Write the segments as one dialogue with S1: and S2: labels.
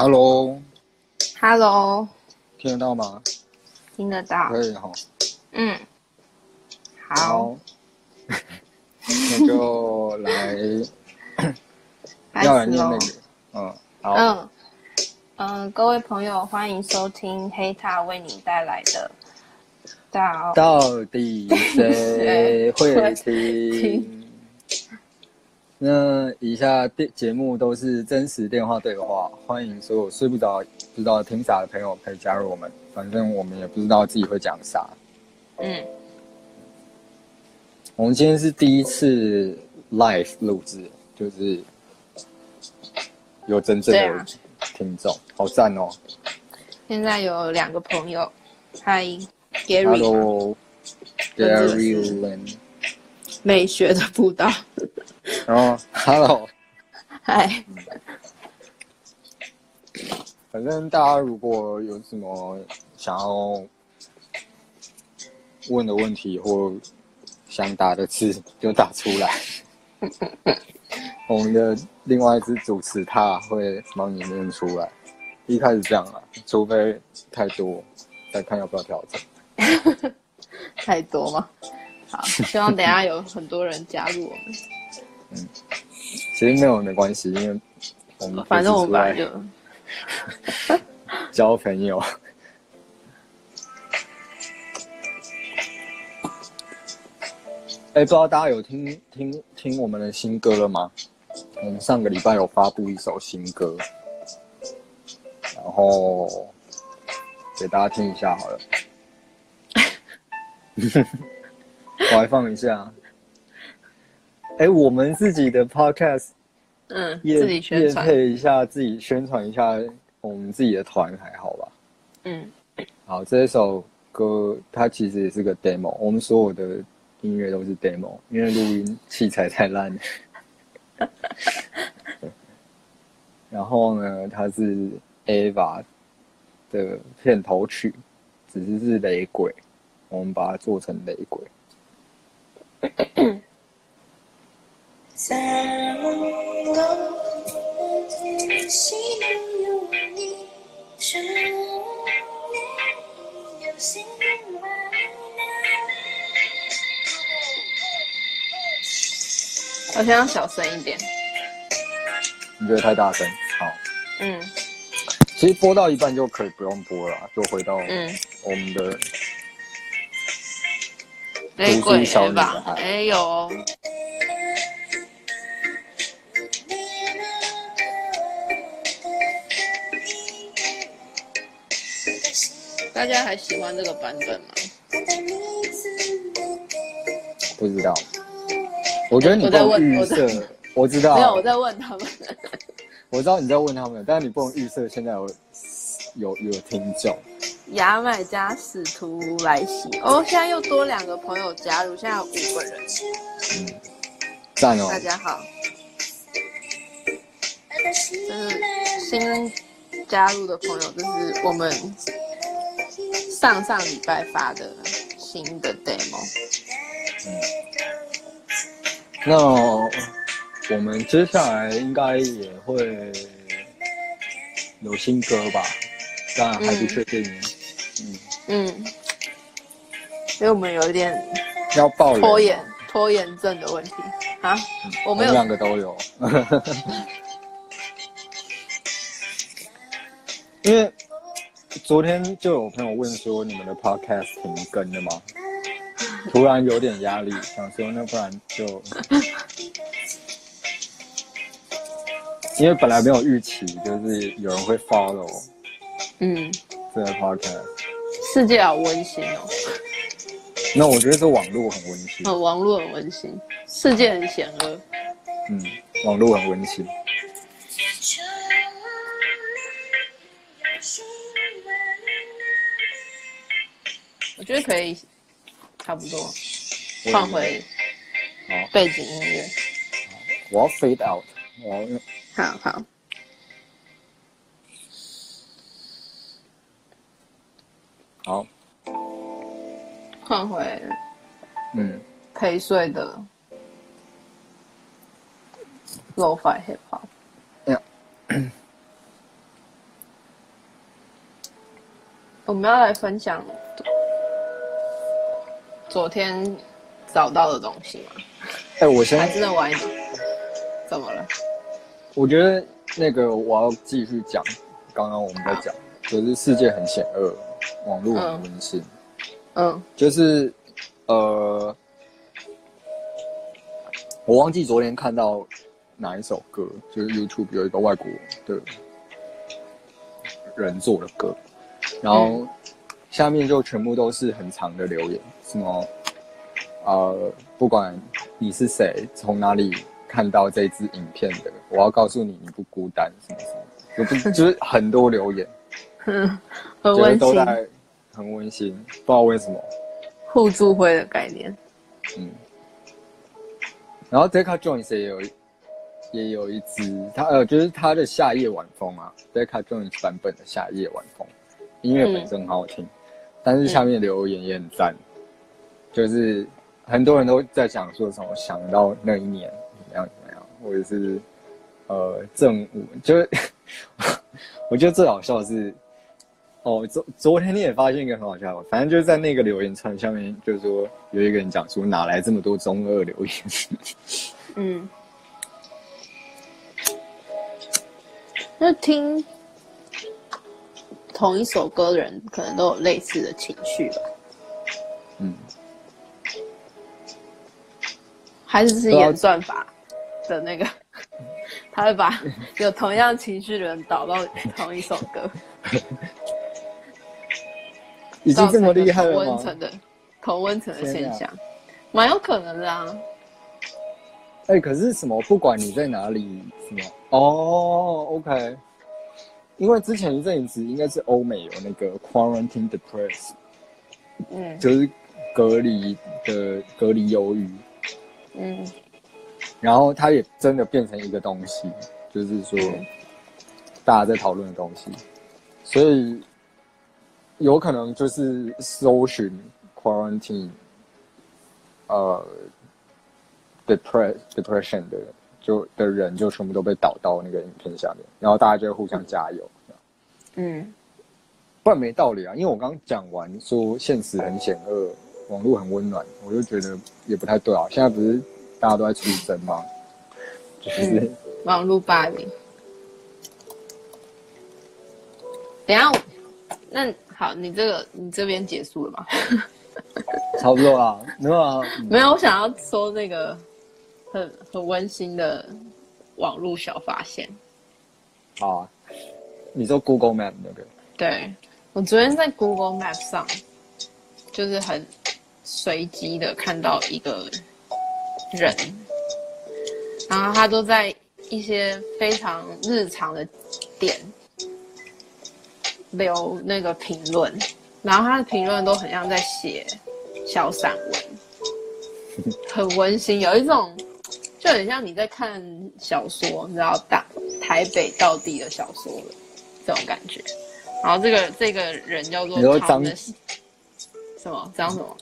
S1: Hello，Hello，Hello. 聽得到嗎？
S2: 聽得到，可以哈。嗯，好，
S1: 好 那就
S2: 來吊 人機那個， 嗯，
S1: 好，
S2: 嗯嗯、呃，各位朋友，歡迎收聽黑塔為你帶來的到、啊哦、
S1: 到底誰會聽， 聽那以下的節目都是真實電話對話，歡迎所有睡不着、不知道聽啥的朋友可以加入我們。反正我們也不知道自己會講啥。
S2: 嗯，
S1: 我們今天是第一次 live 錄製，就是有真正的聽眾、啊，好讚哦、喔！
S2: 現在有兩個朋友，Hi，Gary，Hello
S1: Gary Lin。Hello, Gary Lynn
S2: 美學的步道。然
S1: 後、oh, Hello
S2: 嗨，嗯。
S1: 反正大家如果有什麼想要問的問題或想打的字，就打出來。 我們的另外一隻主持，他會幫你念出來。一開始這樣了，除非太多，再看要不要調整。
S2: 太多嗎？好，
S1: 希望等下有很多人加入我們。 嗯，其實沒有沒關係，因為我們反正我們本來就 交朋友。哎、 欸，不知道大家有聽聽聽我們的新歌了嗎？我們上個禮拜有發布一首新歌，然後給大家聽一下好了。 我來放一下，哎、欸，我們自己的 podcast，
S2: 嗯，自己配
S1: 一下，自己宣傳一下我們自己的團還好吧？嗯，好，這首歌它其實也是個 demo，我們所有的音樂都是 demo，因為錄音器材太爛了。 然後呢，它是 AVA 的片頭曲，只是是雷鬼，我們把它做成雷鬼。
S2: 我先要小聲一點，
S1: 你覺得太大聲？好，嗯，其實播到一半就可以不用播了，就回到嗯我們的。嗯沒鬼沒有、哦。大家還喜歡這個版本嗎？不知道。我覺得你在預設，我知道。沒有，我
S2: 在問他們。
S1: 我知道你在問他們，但是你不能預設。現在我有有，有聽眾。
S2: 牙買加使徒來襲哦！現在又多兩個朋友加入，現在有五個人。嗯，加油哦。大家好，這、呃、是新加入的朋友，這是我們上上禮拜發的新的 demo。嗯，
S1: 那我們接下來應該也會有新歌吧？但還不確定。嗯
S2: 嗯，所、嗯、因為我們有一點要抱要拖延症的問題啊，我，我們兩個都有。
S1: 因為昨天就有朋友問說，你們的 podcast 停更了嗎？突然有點壓力，想 說、啊、那不然就， 因為本來沒有預期，就是有人會 follow。嗯，這個 podcast。
S2: 世界好溫馨哦。
S1: 那我覺得這網絡很溫
S2: 馨。嗯，網絡很溫馨，世界很險惡。嗯，
S1: 網絡很溫馨。
S2: 我覺得可以，差不多，換回，背景音樂。
S1: 我要 fade out。
S2: 我要。好好。好，換回，嗯，陪睡的 lo-fi hip hop，我們要來分享昨天找到的東西嗎？哎、
S1: 欸，我現在還真
S2: 的玩一，怎麼了？
S1: 我覺得那個我要繼續講，剛剛我們在講，可是世界很險惡。欸網絡很溫馨。嗯、oh. oh.，就是，呃，我忘記昨天看到哪一首歌，就是 YouTube 有一個外國的人做的歌，然後下面就全部都是很長的留言，什麼，呃，不管你是誰，從哪裡看到這一支影片的，我要告訴你，你不孤單，什麼什麼，就是很多留言。 嗯、很溫馨，都很溫馨，不知道為什麼。
S2: 互助會的概念。
S1: 嗯。然後 Deca Joins 也有，也有一支，他呃，就是他的夏、啊《 的夏夜晚風》啊 Deca Joins 版本的《夏夜晚風》，音樂本身很好聽，嗯，但是下面留言也很讚，嗯，就是很多人都在講說什麼想到那一年，怎麼樣怎麼樣，或者，就是呃正午，就是 我覺得最好笑的是。哦，昨昨天你也發現一個很好笑的，反正就是在那個留言串下面，就是說有一個人講出哪來這麼多中二
S2: 留言。 嗯，那聽同一首歌的人可能都有類似的情緒吧？嗯，還是是演算法的那個，他會把有同樣情緒的人導到同一首歌。
S1: 已經這麼厲害了嗎？層的同溫
S2: 層的現象，蠻、啊、有可能
S1: 的啊。哎、欸，可是什麼？不管你在哪裡，什麼？哦，OK。因為之前一陣子應該是歐美有那個 quarantine depress，嗯，就是隔離的隔離憂鬱嗯。然後它也真的變成一個東西，就是說、嗯、大家在討論的東西，所以。有可能就是搜尋 quarantine，呃，depress depression 的人就的人就全部都被導到那個影片下面，然後大家就互相加油。嗯，嗯，不然沒道理啊，因為我剛講完說現實很險惡，網絡很溫暖，我就覺得也不太對啊。現在不是大家都在出聲嗎？嗯、就是
S2: 網絡霸凌。等一下，那。好，你這個你這邊結束了嗎？
S1: 差不多啦，沒有啊？
S2: 沒有，我想要說那個很很溫馨的網絡小發現。
S1: 好啊，你說 Google Map 就 okay，
S2: 對，我昨天在 Google Map 上，就是很隨機的看到一個人，然後他都在一些非常日常的點。留那個評論，然後他的評論都很像在寫小散文，很溫馨，有一種就很像你在看小說，你知道大台北道地的小說的這種感覺。然後這個這個人叫做 Powman，你說張什麼張什麼？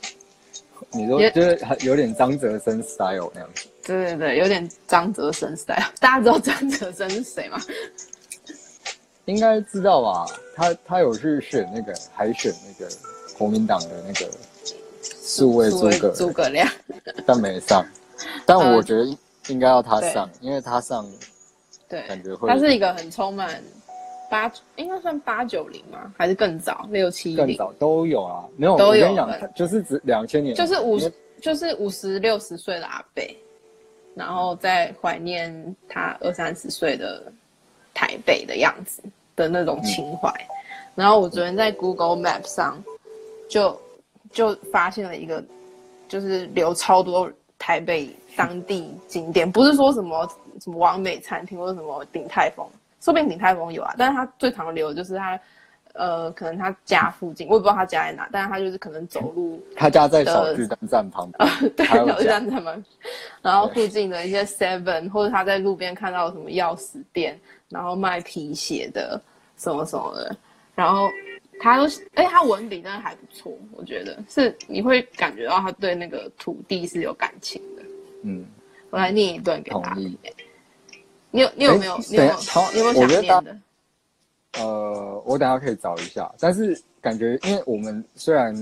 S2: 嗯、
S1: 你說就是，是有點張哲生 style 那樣
S2: 子？對對對，有點張哲生 style。大家知道張哲生是誰嗎？
S1: 應該知道吧？他他有是選那個海選那個國民黨的那個數位諸葛諸葛亮、欸，但沒上、嗯。
S2: 但我覺
S1: 得應該要他上，因為他上，對，
S2: 感覺會他是一個很充滿八，應該算八九零嗎？還是更早六七零？670, 更早都有啊，沒有都有。就是指兩千年，就是五，就是五十六十歲的阿北，然後在懷念他二三十歲的台北的樣子。的那種情懷、嗯，然後我昨天在 Google Map 上就就發現了一個，就是留超多台北當地景點，不是說什麼什麼網美餐廳或者什麼鼎泰豐，說不定鼎泰豐有啊，但是他最常留的就是他呃，可能他家附近，我也不知道他家在哪，但是他就是可能走路、嗯，
S1: 他家在小巨蛋站旁邊，呃、
S2: 對，小巨蛋站旁，然後附近的一些 Seven 或者他在路邊看到什麼鑰匙店。然後賣皮鞋的什麼什麼的，然後他都是，哎，欸，他文筆真的還不錯，我覺得是你會感覺到他對那個土地是有感情的。嗯，我來念一段給大家。同意。你有你有，欸、你有沒有你有同你有
S1: 想念的？呃，我等一下可以找一下，但是感覺因為我們雖然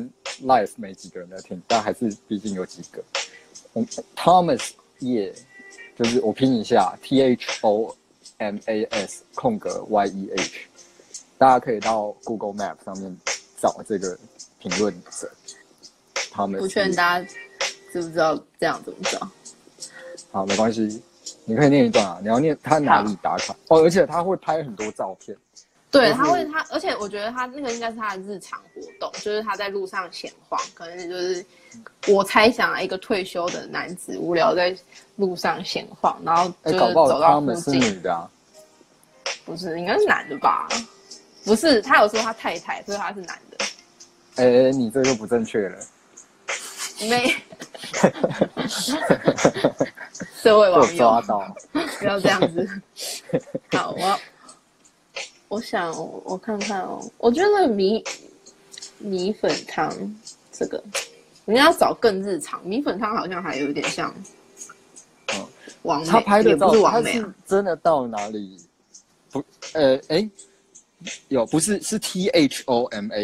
S1: live 沒幾個人在聽，但還是畢竟有幾個。t h o m a s 葉，Thomas, yeah, 就是我拼一下 T H O。M A S 空格 Y E H，大家可以到 Google Map 上面找這個評論者，他們。不勸大
S2: 家，知不知道這樣怎麼找？好，沒關係，
S1: 你可以念一段啊。你要念他哪裡打卡哦，而且他會
S2: 拍很多照片。對他會他，而且我覺得他那個應該是他的日常活動，就是他在路上閒晃，可能就是我猜想啊，一個退休的男子無聊在路上閒晃，然後就是走到附近。欸，搞不好他們是你的啊、不是，應該是男的吧？不是，他有說他太太，所以他是男的。
S1: 哎，欸，你這個不正確了。
S2: 沒。 社會網友抓到，不要這樣子。好，好，我。我想、哦，我看看哦。我覺得米米粉湯這個，你要找更日常。米粉湯好像還有一點像
S1: 王、哦，他拍的照片，不是，美、啊、是真的到哪裡不？呃，哎、欸，有不是是 Thomas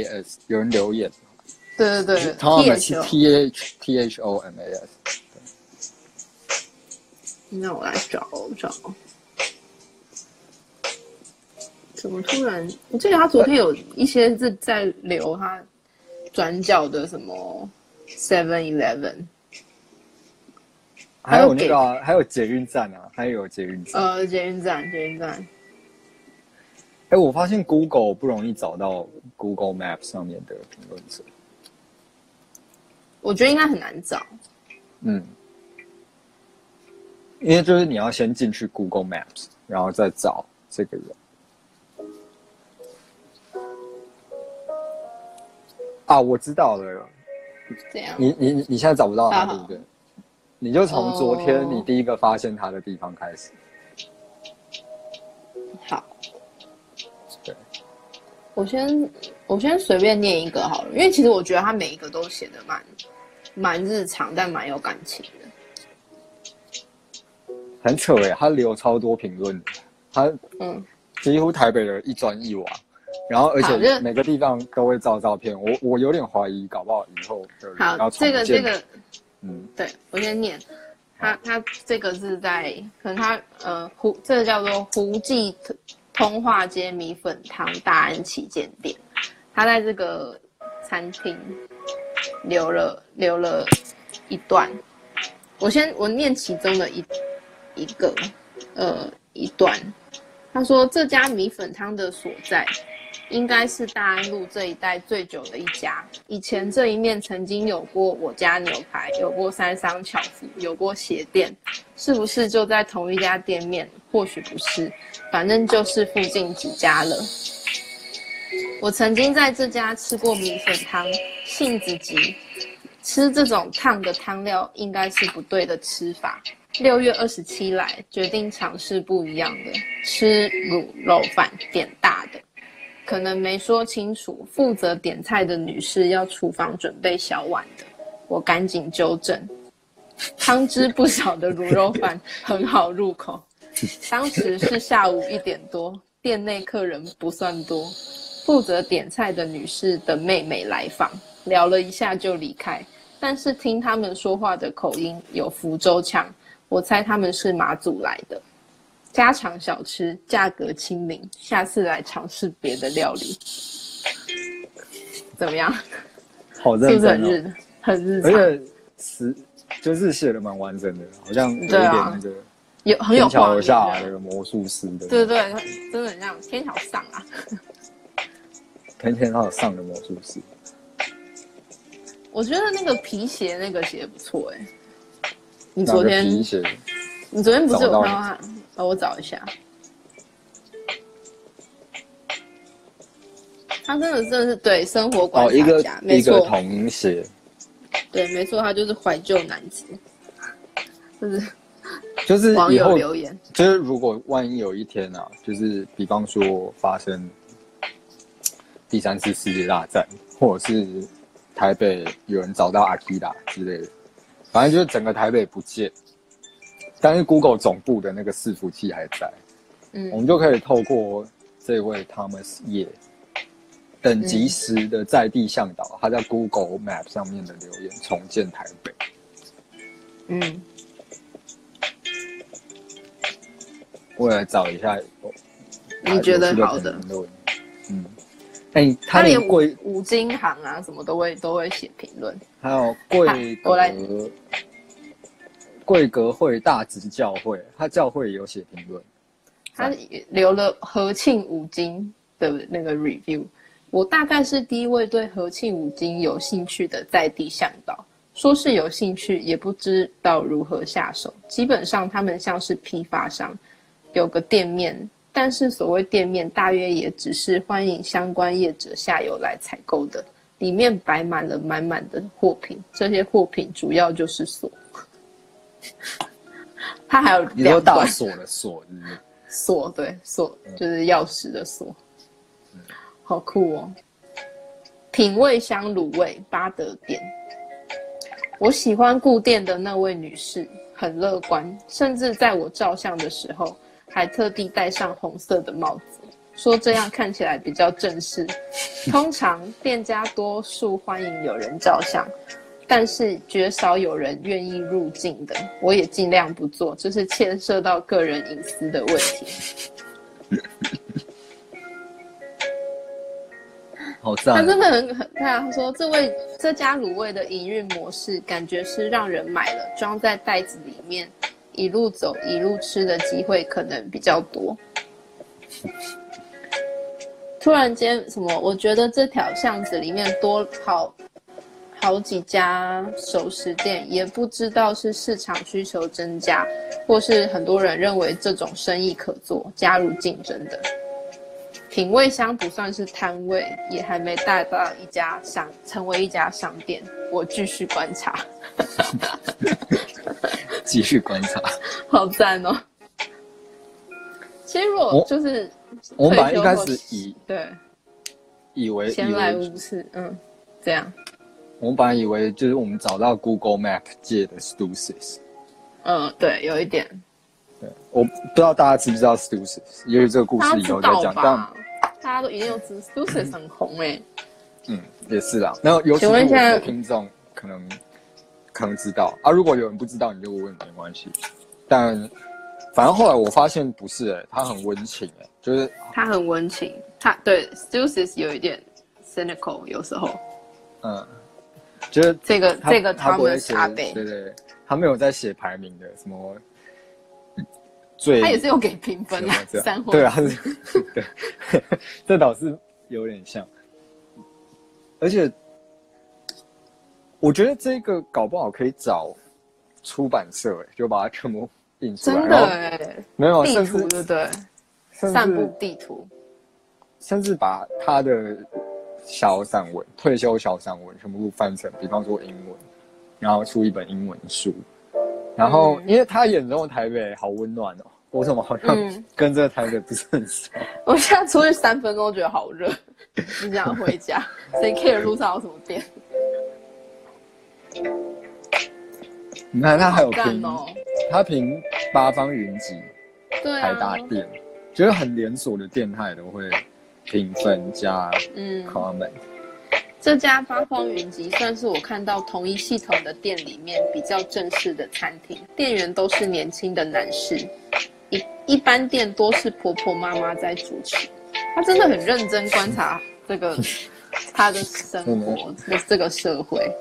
S1: 有人留言，對
S2: 對對，t T H
S1: TH, T H O M A S，
S2: 那我來找找。怎麼突然？我記得他昨天有一些是在留他轉角的什麼 Seven Eleven，還有那個、啊、
S1: 還有捷運站啊，還有捷運站。呃，捷運站，
S2: 捷運站。
S1: 哎、欸，我發現 Google 不容易找到 Google Maps 上面的評論者。
S2: 我覺得應該很難找。嗯，
S1: 因為就是你要先進去 Google Maps，然後再找這個人。啊，我知道了。這
S2: 樣。
S1: 你你你，你現在找不到他，對不對？好好，你就從昨天你第一個發現他的地方開始。哦、
S2: 好。對。我先我先隨便念一個好了，因為其實我覺得他每一個都寫的蠻蠻日常，但蠻有感情的。
S1: 很扯哎、欸，他留超多評論，他
S2: 嗯，
S1: 幾乎台北人一磚一瓦。然後，而且每個地方都會照照片。我我有點懷疑，搞不好以後就好這個這個，嗯，
S2: 對，我先念，他他這個是在可能他呃胡，這個叫做胡記通化街米粉湯大安旗艦店，他在這個餐廳留了留了一段，我先我念其中的一一個呃一段，他說，這家米粉湯的所在。應該是大安路這一帶最久的一家。以前這一面曾經有過我家牛排，有過三商巧福，有過鞋店，是不是就在同一家店面？或許不是，反正就是附近幾家了。我曾經在這家吃過米粉湯，性子急，吃這種燙的湯料應該是不對的吃法。六月二十七來，決定嘗試不一樣的，吃滷肉飯，點大的。可能沒說清楚，負責點菜的女士要廚房準備小碗的，我趕緊糾正。湯汁不少的滷肉飯很好入口。當時是下午一點多，店內客人不算多。負責點菜的女士的妹妹來訪，聊了一下就離開。但是聽他們說話的口音有福州腔，我猜他們是馬祖來的。家常小吃，價格親民。下次來嘗試別的料理，怎麼樣？
S1: 好認真、哦 是是
S2: 日，很認真，很認真。而且
S1: 詞，就是寫的蠻完整的，好像有點那個，
S2: 啊、有，有很有橋下
S1: 的魔術師的。對
S2: 對真的很像天橋上
S1: 啊， 天橋上的魔術師。
S2: 我覺得那個皮鞋，那個鞋不錯哎、欸。你昨天。你昨天不是有看到他，幫我找一下。他真的真的是對生活
S1: 觀察家，哦、一個一個同學。
S2: 對，沒錯，他就是懷舊男子，
S1: 就是就是網友留言，就是如果萬一有一天啊，就是比方說發生第三次世界大戰，或者是台北有人找到阿基拉之類的，反正就是整個台北不見。但是 Google 總部的那個伺服器還在，嗯、我們就可以透過這位 Thomas Ye 等級十的在地向導，嗯，他在 Google Map 上面的留言重建台北。嗯，我來找一下，嗯啊，
S2: 你覺得好
S1: 的？嗯，哎、欸，他連鬼
S2: 五金行啊什麼都會都會寫評論，
S1: 還有貴德。啊我來貴格會大直教會，他教會有寫評論，
S2: 他留了和慶五金的那個 review。我大概是第一位對和慶五金有興趣的在地向導，說是有興趣，也不知道如何下手。基本上他們像是批發商，有個店面，但是所謂店面大約也只是歡迎相關業者下游來採購的，裡面擺滿了滿滿的貨品，這些貨品主要就是鎖。 他還有兩道鎖的鎖，鎖對鎖、嗯，就是鑰匙的鎖、嗯，好酷哦！品味香滷味八德店，我喜歡顧店的那位女士，很樂觀，甚至在我照相的時候還特地戴上紅色的帽子，說這樣看起來比較正式。 通常店家多數歡迎有人照相。但是絕少有人願意入境的，我也盡量不做，這、就是牽涉到個人隱私的問題。好讚！他真的很很，他他說這位這家滷味的營運模式，感覺是讓人買了裝在袋子裡面，一路走一路吃的機會可能比較多。突然間什麼？我覺得這條巷子裡面多好。好幾家熟食店，也不知道是市場需求增加，或是很多人認為這種生意可做，加入競爭的。品味香不算是攤位，也還沒帶到一家想成為一家商店。我繼續觀察，
S1: 繼續
S2: 觀察， 好讚哦！其實我就是，哦、我，我們本來應以對，
S1: 以為閒來無
S2: 事，嗯，這樣。
S1: 我本來以為就是我們找到 Google Map 借的 Stusis 嗯，
S2: 對，有一點，
S1: 我不知道大家知不知道 Stusis 也許這個故事以後再講，但大家
S2: 都一定有知 Stusis 很紅哎、
S1: 欸，嗯，也是啦。然後有請問現在聽眾可能可能知道啊，如果有人不知道你就問沒關係，但反正後來我發現不是哎、欸，他很溫情哎、欸，就是
S2: 他很溫情，他對 Stusis 有一點 cynical 有時候，嗯。
S1: 就是這個，這個他們寫，對，對對，他沒有在寫排名的什麼，最他也是有給
S2: 評分啊，三 對啊，
S1: 對， 這倒是有點像，而且我覺得這個搞不好可以找出版社哎、欸，就把它全部印出來，真的
S2: 哎，沒有地圖對對，散步地圖，
S1: 甚至把他的。小散文，退休小散文全部都翻成，比方說英文，然後出一本英文書。然後，嗯、因為他演的這種台北好溫暖哦，我怎麼好像跟這個台北不是很熟？
S2: 嗯、 我現在出去三分鐘，覺得好熱，就 想回家。所以 k e 路上有什
S1: 麼店？你看他還有憑哦、喔，他憑八方雲集台大店，覺得很連鎖的店他也都會。評分加 comment 嗯，comment。
S2: 這家八方雲集算是我看到同一系統的店裡面比較正式的餐廳，店員都是年輕的男士，一一般店都是婆婆媽媽在主持。他真的很認真觀察這個、嗯、他的生活，這 這個社會。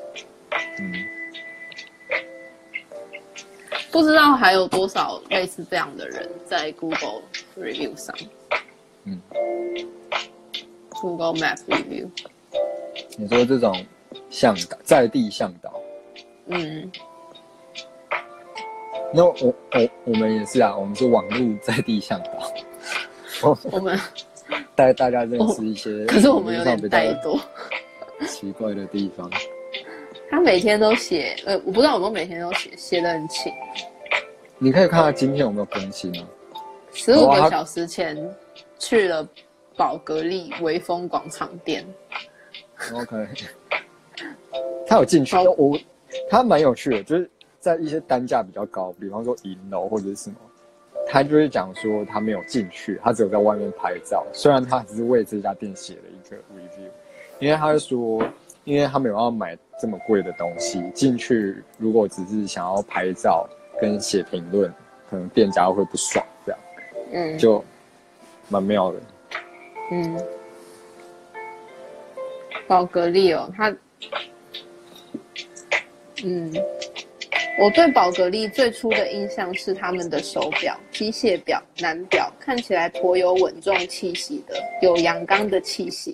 S2: 嗯，不知道還有多少類似這樣的人在 Google Review 上。嗯，Google
S1: Map Review。你說這種嚮導，在地嚮導。嗯。那我我我們也是啊，我們是網路在地嚮導。 我們帶 大家認識一些、哦，可是我們有點太多。奇怪的地方。他
S2: 每天都寫，呃，我不知道我們每天都寫，寫的很勤。
S1: 你可以看他今天有沒有更新嗎？
S2: 哦、十五個小時前。哦啊去了寶格麗微風廣場店。OK，
S1: 他有進去。我他蠻有趣的，就是在一些單價比較高，比方說銀樓或者是什麼，他就是講說他沒有進去，他只有在外面拍照。雖然他只是為這家店寫了一個 review，因為他說，因為他沒有要買這麼貴的東西，進去如果只是想要拍照跟寫評論，可能店家又會不爽這樣。嗯，就。蠻妙的，嗯，
S2: 寶格麗哦，它，嗯，我對寶格麗最初的印象是他們的手錶，機械錶，男錶，看起來頗有穩重氣息的，有陽剛的氣息，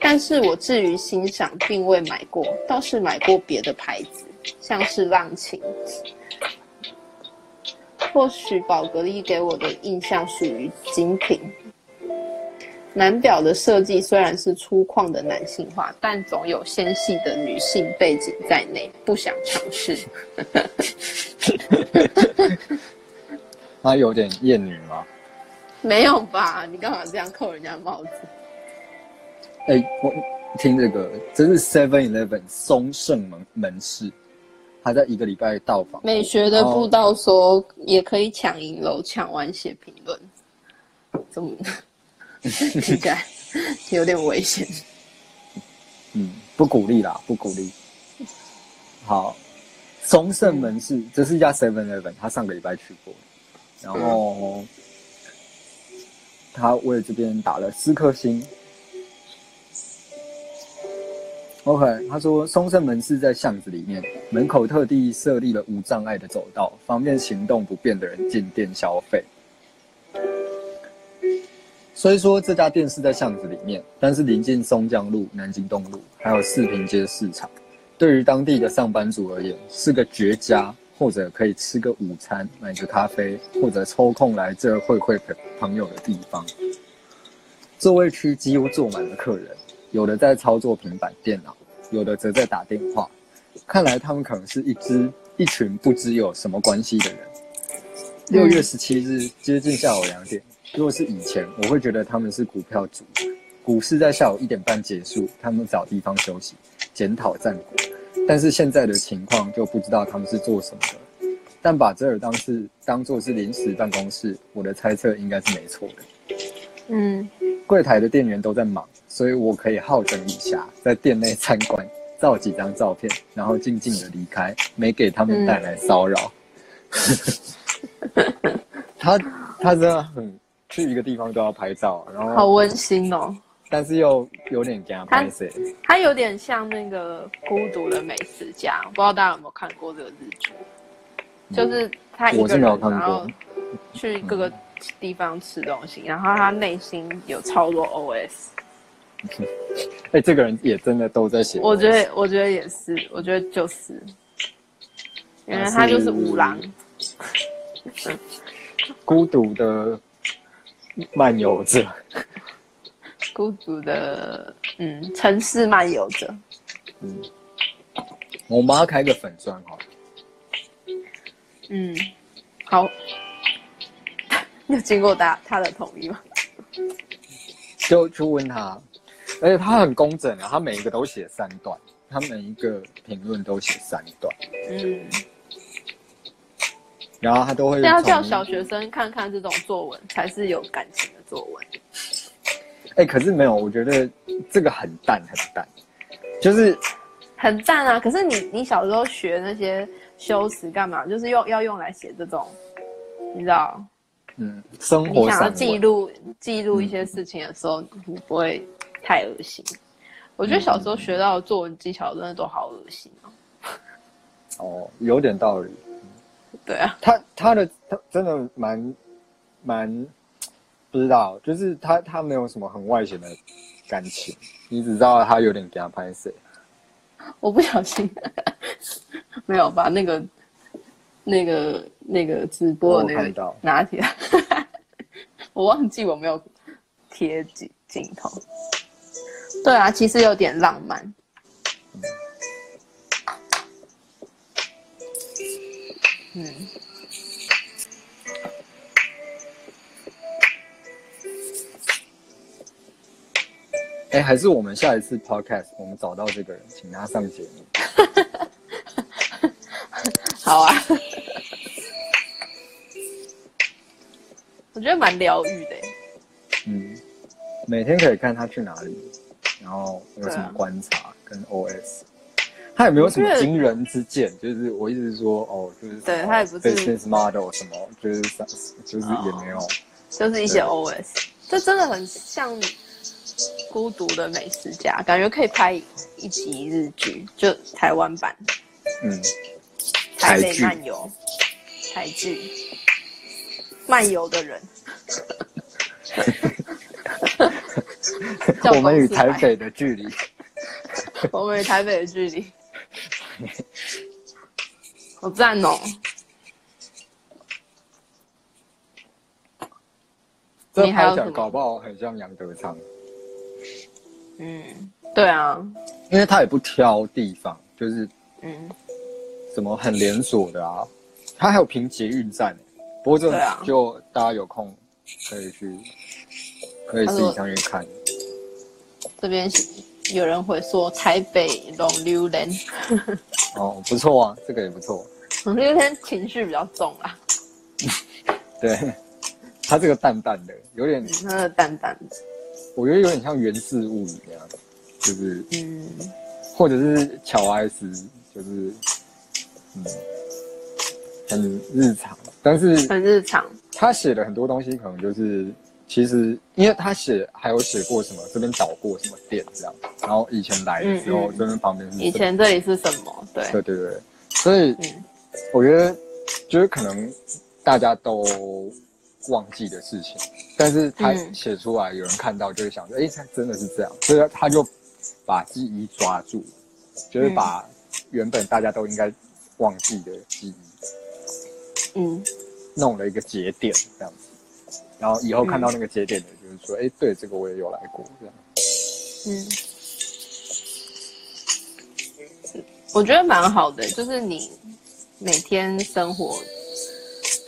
S2: 但是我至於欣賞，並未買過，倒是買過別的牌子，像是浪琴。或許寶格麗給我的印象屬於精品。男表的設計雖然是粗獷的男性化，但總有纖細的女性背景在內。不想嘗試。
S1: 他有點厭女嗎？
S2: 沒有吧，你幹嘛這樣扣人家帽子？
S1: 哎、欸，我聽這個，真是 Seven Eleven 松盛門門市。他在一個禮拜到訪，美學的步
S2: 道說也可以搶銀樓，搶完寫評論，怎麼？
S1: 應
S2: 該有點危險。 嗯，
S1: 不鼓勵啦，不鼓勵。好，松盛門市這、嗯，就是一家 Seven Eleven，他上個禮拜去過，然後他為了這邊打了四顆星。OK，他說松勝門是在巷子裡面，門口特地設立了無障礙的走道，方便行動不便的人進店消費。雖說這家店是在巷子裡面，但是臨近松江路、南京東路，還有四平街市場。對於當地的上班族而言，是個絕佳或者可以吃個午餐、買個咖啡，或者抽空來這會會朋朋友的地方。座位區幾乎坐滿了客人。有的在操作平板電腦，有的則在打電話，看來他們可能是一隻，一群不知有什麼關係的人。六、嗯、月十七日接近下午兩點，如果是以前，我會覺得他們是股票組，股市在下午一點半結束，他們找地方休息，檢討戰果。但是現在的情況就不知道他們是做什麼的，但把這兒當是當做是臨時辦公室，我的猜測應該是沒錯的。嗯。櫃檯的店員都在忙，所以我可以好整以暇，在店內參觀，照幾張照片，然後靜靜的離開，沒給他們帶來騷擾。嗯、 他他真的很，去一個地方都要拍照，然後好溫馨哦、喔，但是又有點尷尬，他
S2: 他有點像那個孤獨的美食家，不知道大家有沒有看過這個日劇，嗯。就是他一個人，我是沒有看過，然後去各個、嗯。地方吃東西，然後他內心有超多 OS。哎、
S1: 嗯欸，這個人也真的都在寫。我覺
S2: 得，我覺得也是，我覺得就是，原來他就是五郎。
S1: 孤獨的漫遊者。
S2: 孤獨的，嗯，城市漫遊者。嗯、
S1: 我媽開個粉專哈。嗯，
S2: 好。有經過他他的同意嗎？
S1: 就就問他，欸。而且他很工整啊，他每一個都寫三段，他每一個評論都寫三段。嗯，然後他都會要叫小學
S2: 生看看這種作文才是有感情的作文。
S1: 哎、欸，可是沒有，我覺得這個很淡很淡，就是
S2: 很淡啊。可是你你小時候學那些修辭幹嘛？就是用要用來寫這種，你知道？
S1: 嗯，生活。你想要記
S2: 錄記錄一些事情的時候，不不會太噁心、嗯。我覺得小時候學到的作文技巧真的都好噁心、
S1: 喔、哦，有點道理。對、嗯、啊。他他的他真的蠻蠻，不知道，就是他他沒有什麼很外顯的感情，你只知道他有點給他拍攝。
S2: 我不小心， 沒有把那個。那個那個直播的那個拿鐵，我，我， 我忘記我沒有貼近鏡頭。對啊，其實有點浪漫。嗯。
S1: 哎、嗯欸，還是我們下一次 podcast，我們找到這個人，請他上節目。
S2: 好啊。我覺得蠻療癒的，欸，
S1: 嗯，每天可以看他去哪裡，然後有什麼觀察跟 O S、啊、他也沒有什麼驚人之見。就是我一直說，哦，就是，啊、對他也不是什麼就是就是也沒有，
S2: 哦，就是一些 O S，這真的很像孤獨的美食家，感覺可以拍一集日劇，就台灣版，嗯，台北漫遊，台劇。台劇漫遊的人 我們與台北的
S1: 距離 ，
S2: 我們與台北的距離， 好讚哦！你還想搞不好很像
S1: 楊德昌，嗯，
S2: 對啊，
S1: 因為他也不挑地方，就是嗯，什麼很連鎖的啊，他還有憑捷運站、欸。不過這種就大家有空可以去，啊、可以自己上去
S2: 看是。這邊有人會說台北 Long Island
S1: 哦，不錯啊， 這個也不錯。
S2: Long Island 情緒比較重啊。
S1: 對，他這個淡淡的，
S2: 有點他、嗯、的淡淡的，
S1: 我覺得有點像源氏物語一樣、啊、就是嗯，或者是喬伊斯，就是嗯。很日常，但是很日常。他寫的很多東西，可能就是其實，因為他寫還有寫過什麼這邊倒過什麼店這樣，然後以前來的時候，嗯嗯、這邊旁邊是、這個、以前
S2: 這裡是什麼？
S1: 對對對對，所以我覺得、嗯，就是可能大家都忘記的事情，但是他寫出來，有人看到就會想說，哎、嗯，欸、他真的是這樣，所以他就把記憶抓住，就是把原本大家都應該忘記的記憶。
S2: 嗯，
S1: 弄了一個節點這樣子，然後以後看到那個節點的，就是說，哎、嗯，對，這個我也有來過這樣。嗯，
S2: 我覺得蠻好的，就是你每天生活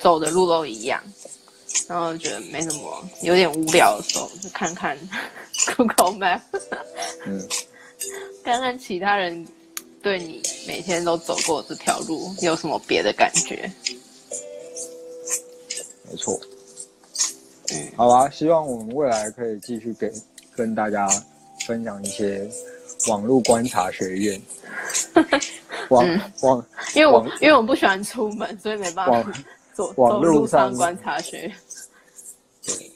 S2: 走的路都一樣，然後覺得沒什麼，有點無聊的時候就看看 Google Map。 嗯，看看其他人對你每天都走過這條路有什麼別的感覺。
S1: 不錯，好吧，希望我們未來可以繼續給跟大家分享一些網路觀察學院，
S2: 網 網、嗯，因為我因為我不喜歡出門，所以沒辦法做，網路，路上觀察學院，
S1: 對，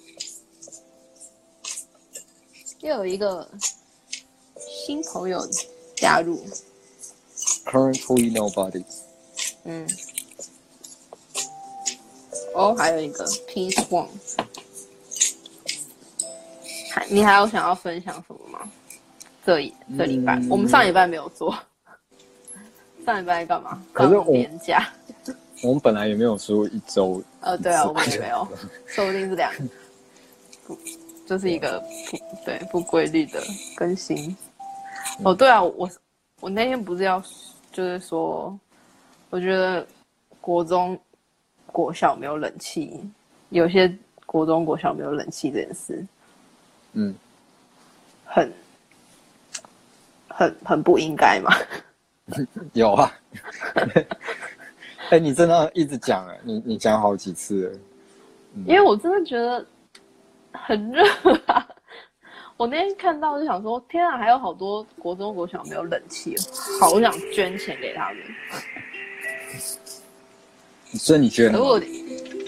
S1: 又有一個新朋友加入，Currently nobody，
S2: 嗯。哦、oh，還有一個 Peace One。還你還有想要分享什麼嗎？這裡這禮拜，嗯，我們上禮拜沒有做，嗯， 上禮拜幹嘛？可能我年假，
S1: 我們本來也沒有說一周，呃，對啊，我們也沒有，
S2: 說不定是兩， 就是一個不，對，不規律的更新。哦，嗯，oh, 對啊，我我那天不是要，就是說，我覺得國中。國小沒有冷氣，有些國中、國小沒有冷氣這件事，嗯，很、很、很不應該嘛。
S1: 有啊，哎、 欸，你真的一直講啊、欸，你你講好幾次、嗯，
S2: 因為我真的覺得很熱、啊、我那天看到就想說，天啊，還有好多國中、國小沒有冷氣好，好我想捐錢給他們。
S1: 所以你覺得？如果
S2: 不是，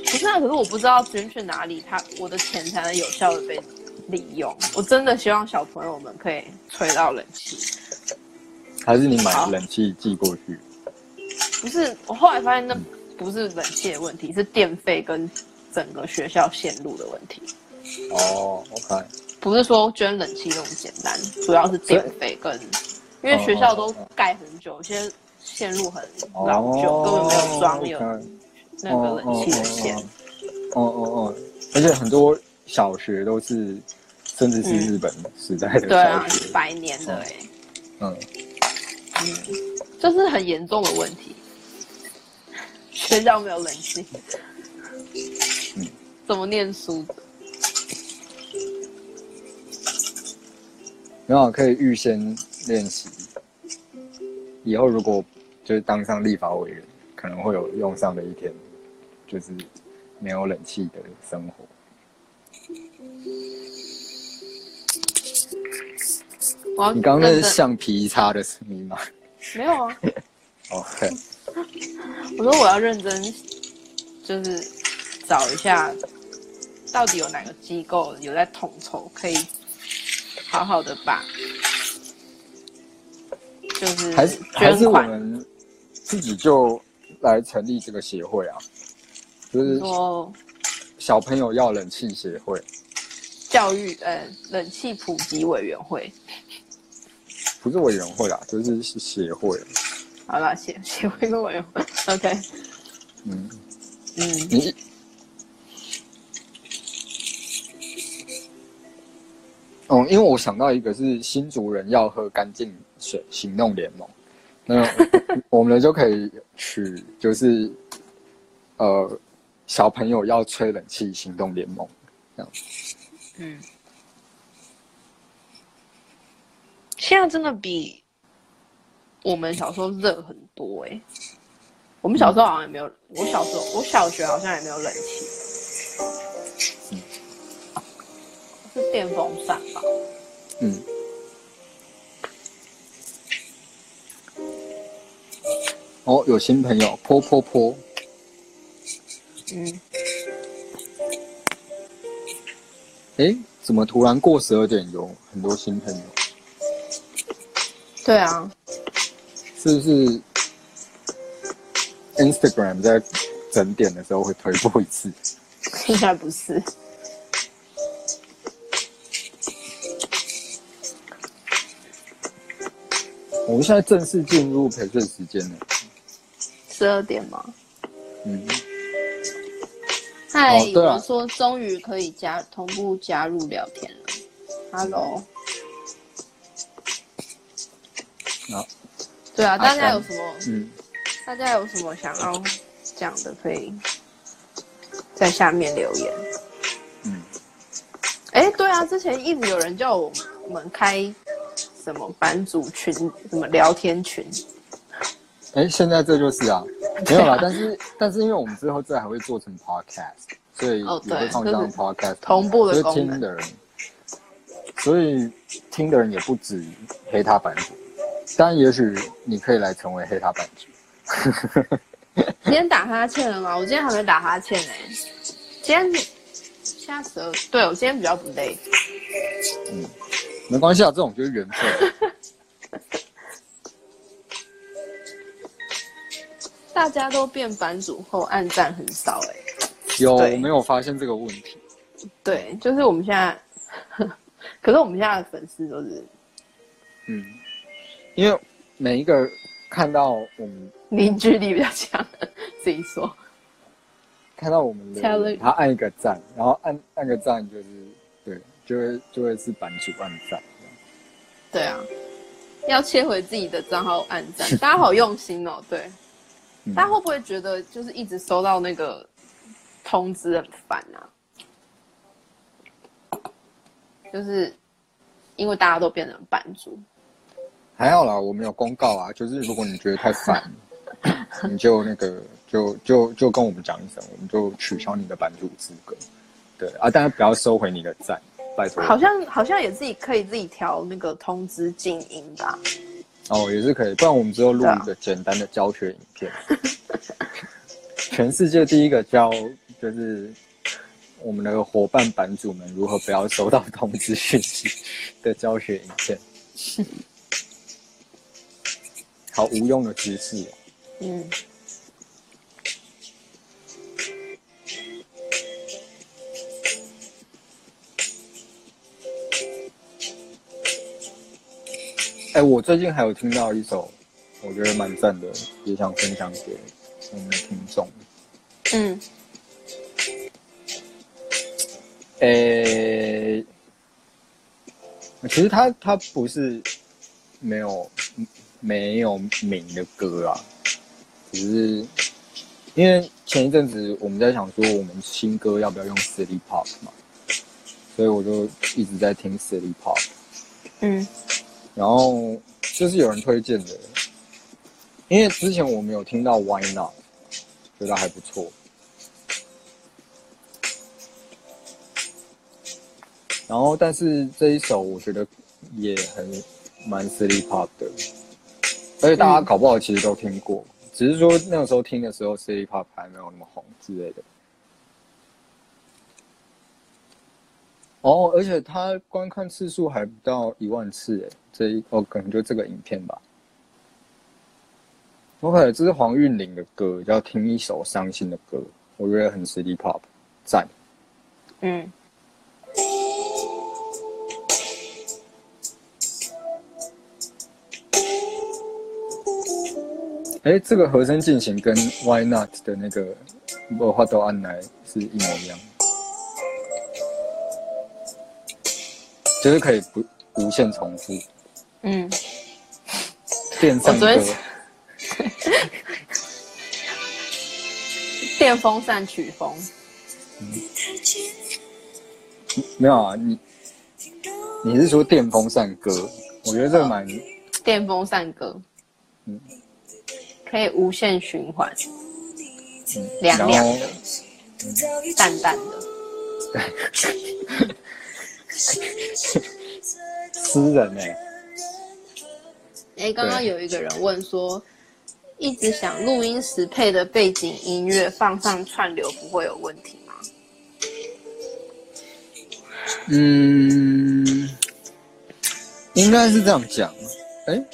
S2: 可是我不知道捐去哪裡，他，我的錢才能有效的被利用。我真的希望小朋友們可以吹到冷氣。還是你買
S1: 冷氣寄過去？
S2: 不是，我後來發現那不是冷氣的問題，嗯、是電費跟整個學校線路的問題。
S1: 哦，OK。
S2: 不是說捐冷氣那麼簡單，主要是電費跟，因
S1: 為學校都
S2: 蓋很久，先、哦哦哦哦。線路很老舊，oh, 根本
S1: 沒有裝、okay. 有那個冷氣的線。哦哦哦！而且很多小學都是，甚至是日本時代的、嗯、對啊，百年的哎、欸。嗯嗯，
S2: 嗯，這是很嚴重的問題。學校沒有冷氣，嗯，怎麼念書？
S1: 然後，可以預先練習。以後如果。就是當上立法委員，可能會有用上的一天，就是沒有冷氣的生活。
S2: 我要你剛剛那是橡
S1: 皮擦的聲音嗎？
S2: 沒有啊。 oh, yeah. 我說我要認真，就是找一下，到底有哪個機構有在統籌，可以好好的把，就是款還是還是我們。
S1: 自己就來成立這個協會啊，就是小朋友要冷氣協會，
S2: 教育呃冷氣普及委員會，
S1: 不是委員會啦，就是協會。好
S2: 了，協協會跟委員會。OK。
S1: 嗯嗯。哦、嗯，因為我想到一個是新竹人要喝乾淨水行動聯盟。那、 嗯、我們就可以取，就是，呃，小朋友要吹冷氣行動聯盟這樣
S2: 子。嗯。現在真的比我們小時候熱很多哎、欸。我們小時候好像也沒有，嗯、我小時候我小學好像也沒有冷氣，嗯，是電風扇吧？嗯。
S1: 哦，有新朋友，潑潑潑！嗯，哎、欸，怎麼突然過十二點有很多新朋友？
S2: 對啊，
S1: 是不是 Instagram 在整點的時候會推播一次？
S2: 應該不是。
S1: 我們現在正式進入陪睡時間了。
S2: 十二點嗎？嗯。嗨，哦，對啊，我說終於可以加同步加入聊天了。Hello。好。對啊，I，大家有什麼？Fun. 嗯。大家有什麼想要講的，可以在下面留言。嗯。誒，對啊，之前一直有人叫我們開什麼版主群，什麼聊天群。
S1: 哎、欸，現在這就是啊，沒有啦。 但是，
S2: 但是因為我們最後這還會做
S1: 成 podcast，所以也會放上 podcast、哦、這同步的功能，所以、就是、聽的人，所以聽的人也不止黑他版主。但也許你可以來成為黑他版主。 今
S2: 天打哈欠了嗎？我今天還沒打哈欠呢，欸。
S1: 今天，嚇死了！對，我今天比
S2: 較不累。嗯，沒關係啊，這種就是緣分。 大家都變版主後，按讚很少哎、
S1: 欸。有，我沒有發現這個問題。
S2: 對，就是我們現在，呵呵，可是我們現在的粉絲都、就是，嗯，
S1: 因為每一個看到我們凝聚力比較強， 自己說。看到我們的， 他按一個讚，然後按按個讚就是對，就會就會是版主按讚。
S2: 對啊，要切回自己的賬號按讚，大家好用心哦、喔。 對。大家會不會覺得就是一直收到那個通知很煩啊？就是因為大家都變成版主，
S1: 還好啦，我們有公告啊，就是如果你覺得太煩， 你就那個就就就跟我們講一聲，我們就取消你的版主資格。對啊，但是不要收回你的讚，拜托。好
S2: 像好像也自己可以自己調那個通知靜音吧。
S1: 哦，也是可以，不然我們只有錄一個簡單的教學影片。啊、 全世界第一個教，就是我們那個夥伴版主們如何不要收到通知訊息的教學影片， 好無用的知識哦。嗯。哎、欸，我最近還有聽到一首，我覺得蠻讚的、嗯，也想分享給我們聽眾。嗯，嗯欸、其實它它不是沒有沒有名的歌啊，只是因為前一陣子我們在想說我們新歌要不要用 City Pop 嘛，所以我就一直在聽 City Pop。嗯。然後就是有人推薦的，因為之前我沒有聽到 Why Not，覺得還不錯。然後，但是這一首我覺得也很蠻 City Pop 的，而且大家搞不好其實都聽過，只是說那個時候聽的時候 City Pop 還沒有那麼紅之類的。哦，而且他觀看次數還不到一萬次誒，這一哦可能就這個影片吧。我感覺這是黃韻玲的歌，要聽一首傷心的歌，我覺得很 City Pop，讚。嗯。哎、欸，這個和聲進行跟 Why Not 的那個莫華 do 按來是一模一樣。就是可以不無限重複，嗯，電扇歌，
S2: 電風扇曲風，
S1: 嗯、沒有啊，你你是說電風扇歌？我覺得這個蠻、
S2: 哦、電風扇歌，嗯，可以無限循環，涼、嗯、涼的、嗯，淡淡的，對。 私人呢、欸？誒、欸，剛剛有一個人問說，一直想錄音時配的背景音樂放上串流不會有問題嗎？嗯，
S1: 應該是這樣講、欸。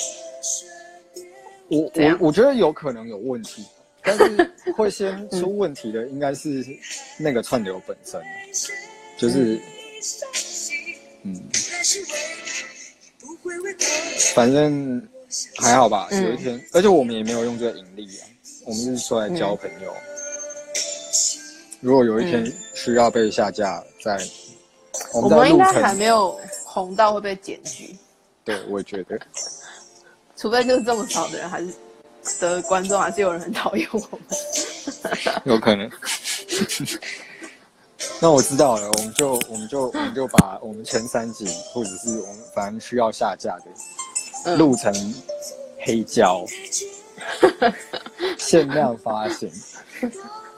S1: 我我我覺得有可能有問題， 但是會先出問題的應該是那個串流本身， 就是。 嗯，反正還好吧、嗯。有一天，而且我們也沒有用這個盈利啊，我們是出來交朋友、嗯。如果有一天需要被下架，嗯、在，我們，在我們應該還沒有
S2: 紅到會被檢舉。
S1: 對，我覺得，
S2: 除非就是這麼少的人，還是的觀眾，還是有人很討厭我們，
S1: 有可能。 那我知道了，我們就我們就我們就把我們前三集或者是我們反正需要下架的錄成、嗯、黑膠， 限量發行，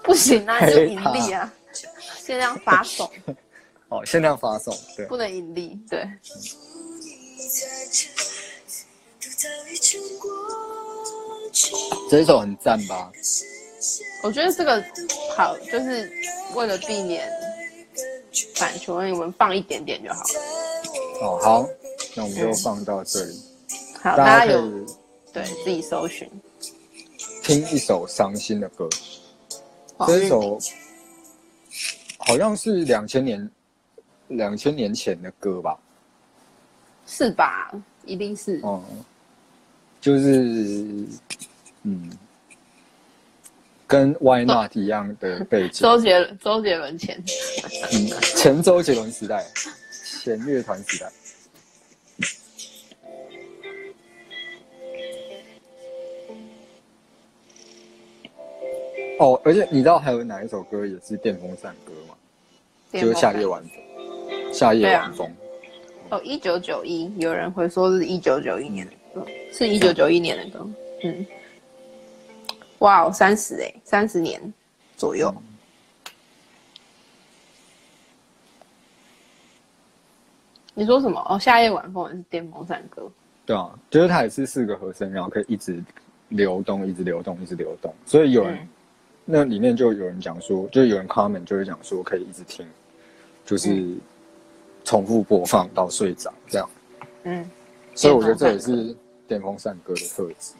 S2: 不行那、啊、就盈利啊，限量發送，
S1: 哦， 限量發送，對，不
S2: 能盈利，對、嗯。這一首很贊吧？我覺得這個好，就是為了避免。反芻，你們放一點點就好。哦，好，那我們就放到這裡。嗯、好，大家有對自己搜尋，
S1: 聽一首傷心的歌。
S2: 這一、嗯、首
S1: 好像是兩千年、兩千年前的歌吧？
S2: 是吧？一定
S1: 是。哦、嗯，就是，嗯。跟《Why Not》一樣的背景，周
S2: 杰倫，周杰倫前，
S1: 嗯，前周杰倫時代，前樂團時代。 哦，而且你知道還有哪一首歌也是電風扇歌嗎
S2: 扇？就是夏夜晚、
S1: 啊、夏夜晚風。哦，
S2: 一九九一，有人會說是一九九一年的歌，是一九九一年的歌，嗯。哇、wow, 哦、欸，三十哎，三十年左右、嗯。你說什麼？哦，《夏夜晚風》也
S1: 是《電風扇歌》？對啊，就是它也是四個和聲，然後可以一直流動，一直流動，一直流動。所以有人、嗯、那裡面就有人講說，就有人 comment 就會講說可以一直聽，就是、嗯、重複播放到睡着這樣。
S2: 嗯，所以我覺得這也是
S1: 電風扇歌的特質、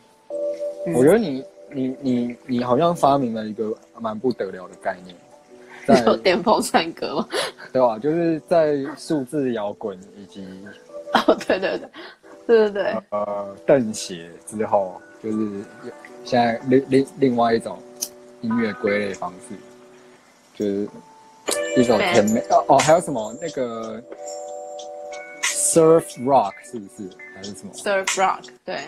S1: 嗯。我覺得你。你你你好像發明了一個蠻不得了的概念，
S2: 在有電風扇歌嗎？
S1: 對吧，就是在數字搖滾以及哦
S2: ，oh, 對對對，對
S1: 對對，呃，鄧寫之後就是現在另另另外一種音樂歸類方式，就是
S2: 一種甜美
S1: 哦、啊、哦，還有什麼那個 surf rock 是不是還是
S2: 什麼 surf rock 對，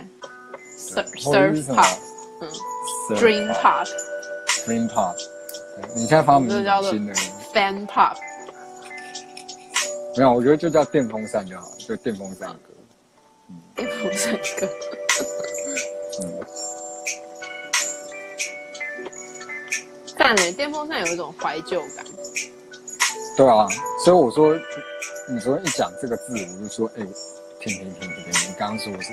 S2: 對 surf rock 嗯，Dream
S1: Pop，Dream Pop，, Dream Pop、嗯嗯、你現在發明星的歌、嗯、
S2: ，Fan Pop，
S1: 沒有，我覺得就叫電風扇就好，就電風扇歌，啊嗯、電風
S2: 扇歌， 嗯，但咧，電風
S1: 扇有一種懷舊感，對啊，所以我說，你昨天一講這個字，我就說，哎、欸，聽停停停停，你剛剛說我是。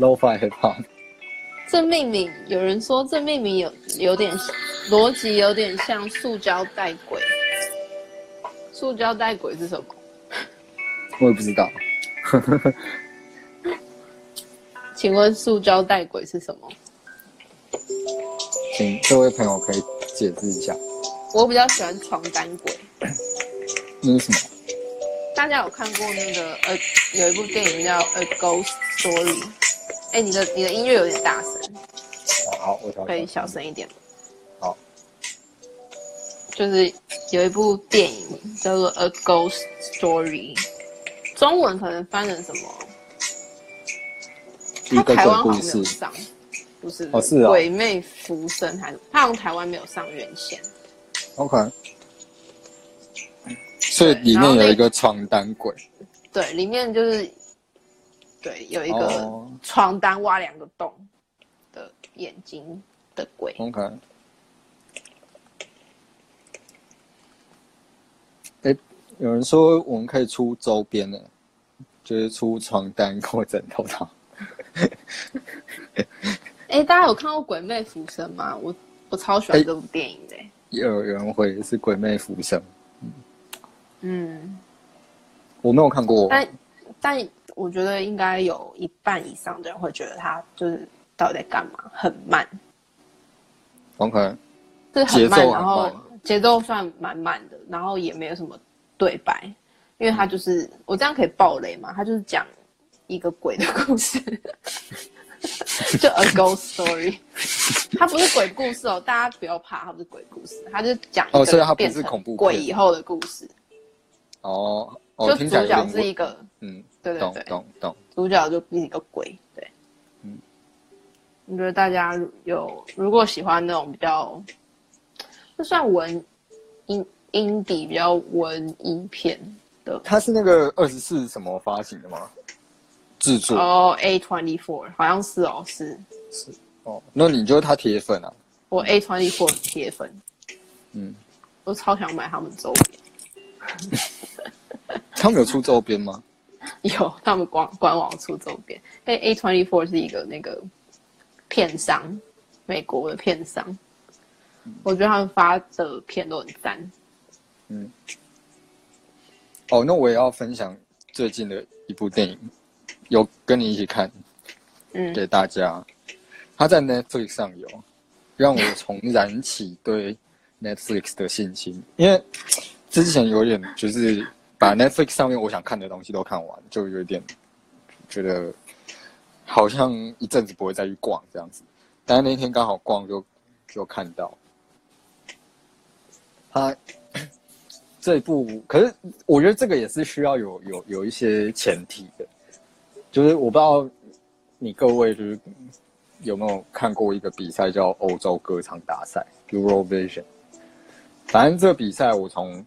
S1: Lo-fi 很怕
S2: 這命名有人說，這命名有有點邏輯，有點像塑膠袋鬼。塑膠袋鬼是什麼？
S1: 我也不知道。
S2: 請問塑膠袋鬼是什麼？
S1: 請、欸、這位朋友可以解釋一下。
S2: 我比較喜歡床單鬼。 那是什麼？大家有看過那個呃，A, 有一部電影叫《A Ghost Story》。哎，你的你的音樂有點大聲，哦、好我想想，可以小聲一點好，就是有一部電影叫做《A Ghost Story》，中文可能翻成什麼？
S1: 它台灣、哦哦、不是，是啊，
S2: 鬼魅浮生還是？它好像台灣沒有上院線。
S1: OK。所以裡面有一個床單鬼。
S2: 對，裡面就是。
S1: 對，有一個床單挖兩個洞的眼睛的鬼。松、oh. 開、okay. 欸，有人說我們可以出周邊的，就是出床單跟我枕頭套。
S2: 哎、 欸，大家有看過《鬼魅浮生》嗎？我我超喜歡這部電
S1: 影的、欸欸。有人回是《鬼魅浮生》。嗯。
S2: 嗯。
S1: 我沒有看過。但
S2: 但。我覺得應該有一半以上的人會覺得他就是到底在幹嘛，很慢。OK，這很慢，然後節奏算蠻慢的，然後也沒有什麼對白，因為他就是，我這樣可以暴雷嘛，他就是講一個鬼的故事、嗯，嗯嗯就，嗯、就 A Ghost Story。他不是鬼故事哦、喔，大家不要怕，他不是鬼故事，他就講一個變成鬼以後的故事。
S1: 哦，所以他不是恐怖片。就主角是一個嗯。
S2: 對對對對，主角就比你個鬼，對，嗯，你覺得大家有如果喜歡那種比較，就算文音音底比較文藝片的。
S1: 他是那個24什麼發行的嗎？製作
S2: 哦，A24，好像是哦，是
S1: 是哦，那你就他鐵粉啊？
S2: 我 A24 鐵粉，嗯，我超想買他們周邊，
S1: 他們有出周邊嗎？
S2: 有他們官官網出周邊，因為，A24 是一個那個片商，美國的片商，我覺得他們發的片都很讚。
S1: 嗯。哦，那我也要分享最近的一部電影，有跟你一起看，嗯，給大家，他、嗯、在 Netflix 上有，讓我重燃起對 Netflix 的信心，因為之前有點就是。 把 Netflix 上面我想看的東西都看完，就有點覺得好像一陣子不會再去逛這樣子。但是那天剛好逛就就看到他這一部，可是我覺得這個也是需要有有有一些前提的，就是我不知道你各位就是有沒有看過一個比賽叫歐洲歌唱大賽 （Eurovision）。反正這個比賽我從。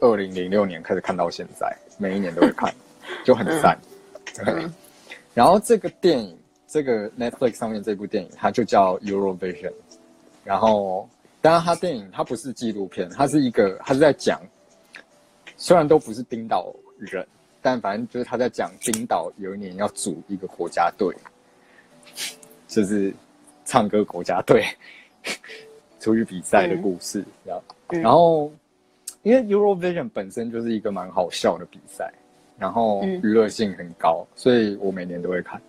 S1: 二零零六年開始看到現在，每一年都會看， 就很讚、嗯嗯。然後這個電影，這個 Netflix 上面這部電影，它就叫《Eurovision》。然後，當然它電影它不是紀錄片，它是一個，它是在講，雖然都不是冰島人，但反正就是他在講冰島有一年要組一個國家隊，就是唱歌國家隊 出去比賽的故事，這、嗯、樣。然後。嗯然後因為 Eurovision 本身就是一個蠻好笑的比賽，然後娛樂性很高，嗯、所以我每年都會看。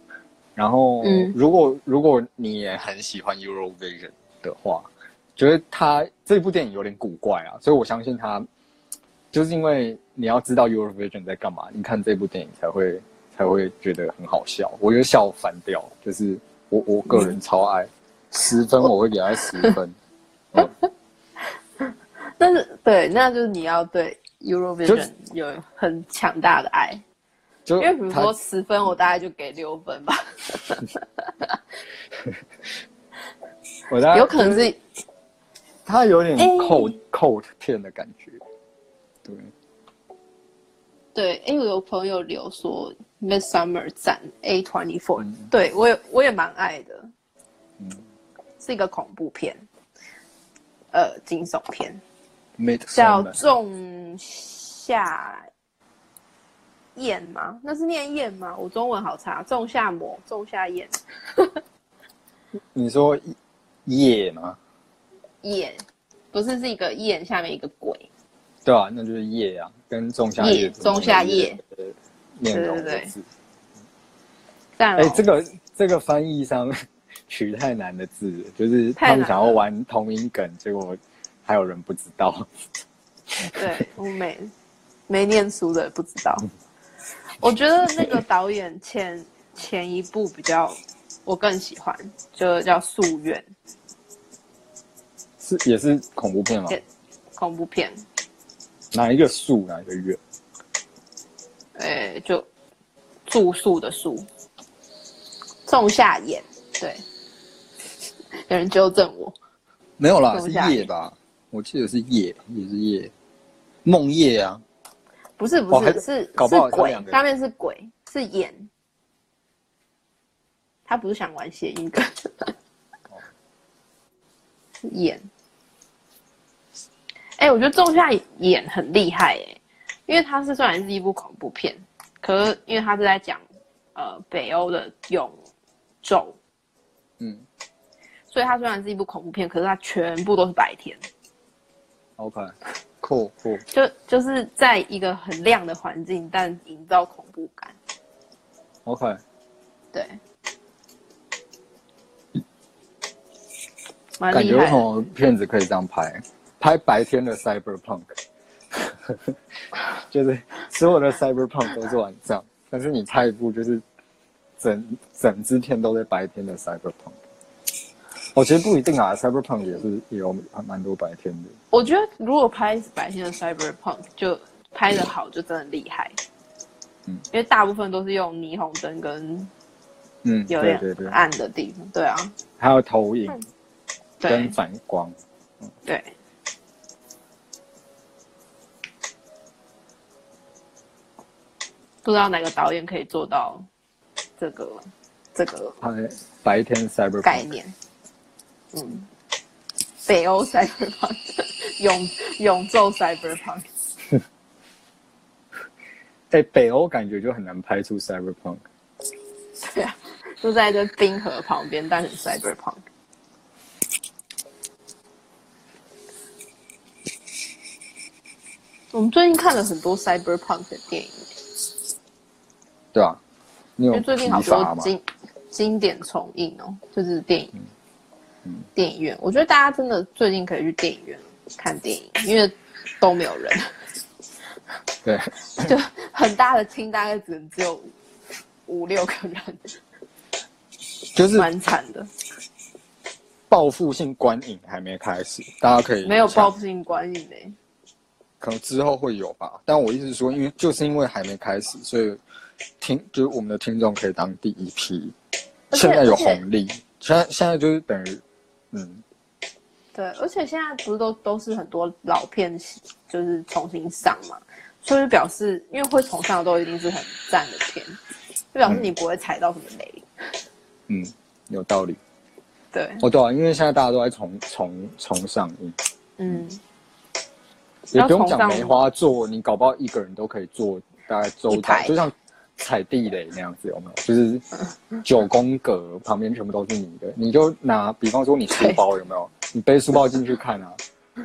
S1: 然後，如果、嗯、如果你也很喜歡 Eurovision 的話，覺得他這部電影有點古怪啊，所以我相信他，就是因為你要知道 Eurovision 在幹嘛，你看這部電影才會才會覺得很好笑。我覺得笑翻掉，就是我我個人超愛，嗯、十分我會給他十分。
S2: 但是對，那就是你要對 Eurovision 有很強大的愛、就是，因為比如說十分，我大概就給六分吧、嗯。
S1: 我大概有可能是、就是，他有點 Cold A, Cold 片的
S2: 感覺。對，對，因為、欸、我有朋友留說 Midsummer A24、嗯《Midsummer》站 A24 for 對我也我也蠻愛的、嗯，是一個恐怖片，呃，驚悚片。Midserman、叫仲夏宴嗎？那是念宴嗎？我中文好差。仲夏魔，仲夏宴。
S1: 你說夜嗎？
S2: 夜，不是是一個夜下面一個鬼。
S1: 對啊，那就是夜啊，跟仲夏夜。仲夏夜。
S2: 對、嗯、對
S1: 對。但哎，這個這個翻譯上取太難的字，就是他們想要玩同音梗，結果。還有人不知道 ？
S2: 對，我沒沒唸書的不知道。 我覺得那個導演前 前一部比較我更喜歡，就叫《宿怨》，
S1: 是也是恐怖片嗎、
S2: 欸？恐怖片。
S1: 哪一個宿？哪一個月？
S2: 哎、欸，就住宿的宿。仲夏夜對， 有人糾正我，沒有啦，是夜吧、啊。
S1: 我記得是夜，也是夜，夢夜啊，
S2: 不是不是，哦、是搞不好是鬼，上面是鬼，是眼。他不是想玩諧音梗，是演。哎、欸，我覺得仲夏眼很厲害哎、欸，因為它是雖然是一部恐怖片，可是因為它是在講呃北歐的永晝，嗯，所以它雖然是一部恐怖片，可是它全部都是白天。
S1: OK，酷、cool，酷、cool，就
S2: 就是在一個很亮的環境，但營造恐怖感。
S1: OK，對，
S2: 的感覺有什麼
S1: 片子可以這樣拍？拍白天的 Cyberpunk， 就是所有的 Cyberpunk 都是晚上，但是你拍一部，就是整整支片都在白天的 Cyberpunk。我覺得不一定啊，Cyberpunk 也是有蠻多白天的。
S2: 我覺得如果拍白天的 Cyberpunk，就拍得好，就真的厲害，嗯。因為大部分都是用霓虹燈跟嗯，有
S1: 點
S2: 對對暗
S1: 的地方，嗯對對對，對啊，還有投影跟反光，嗯
S2: 對嗯，對，不知道哪個導演可以做到這個這個
S1: 白白天 Cyberpunk 概
S2: 念。嗯，北歐 cyberpunk，永、永晝 cyberpunk。
S1: 哎、 欸，北歐感覺就很難拍出 cyberpunk。對啊，
S2: 就在這冰河旁邊，但是 cyberpunk。我們最近看了很多 cyberpunk 的電影。對啊，你有啊，因為最近好多經經典重映哦、喔，就是電影。嗯嗯、電影院，我覺得大家真的最近可以去電影院看電影，因為都沒有人。對，就很大的廳大概只能只有五六個人，就是蠻慘的。
S1: 報復性觀影還沒開始，大家可以沒有報復
S2: 性觀影呢、欸？
S1: 可能之後會有吧。但我意思是說，因為就是因為還沒開始，所以聽就是我們的聽眾可以當第一批，
S2: 現在有紅
S1: 利，現在現在就是等於。
S2: 嗯，對，而且現在不是都都是很多老片，就是重新上嘛，所以就表示因為會重上的都一定是很讚的片，就表示你不會踩到什麼雷。
S1: 嗯，有道理。對，哦、oh, 對啊，因為現在大家都在重重重上映，
S2: 嗯，嗯，也不用講梅花
S1: 座，做你搞不好一個人都可以坐大概周到臺，就像。踩地雷那樣子有沒有？就是九宮格旁邊全部都是你的，你就拿比方說你書包有沒有？你背書包進去看啊，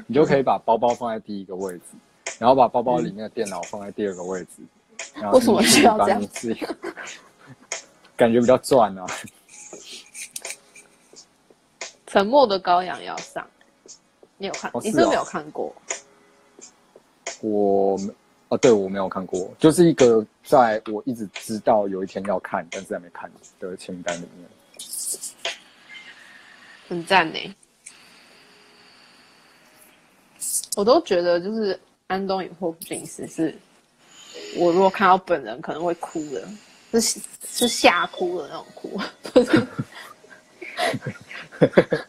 S1: 你就可以把包包放在第一個位置，然後把包包裡面的電腦放在第二個位置。
S2: 為什麼需要這樣
S1: 子？感覺比較賺啊。
S2: 沉 默的羔羊要上，你有看？哦是啊、你是沒有看過？
S1: 我啊、對，我沒有看過，就是一個在我一直知道有一天要看，但是還沒看的清單裡面。
S2: 很贊呢，欸，我都覺得就是安東以霍普金斯是，我如果看到本人可能會哭的，是是嚇哭的那種哭。就是，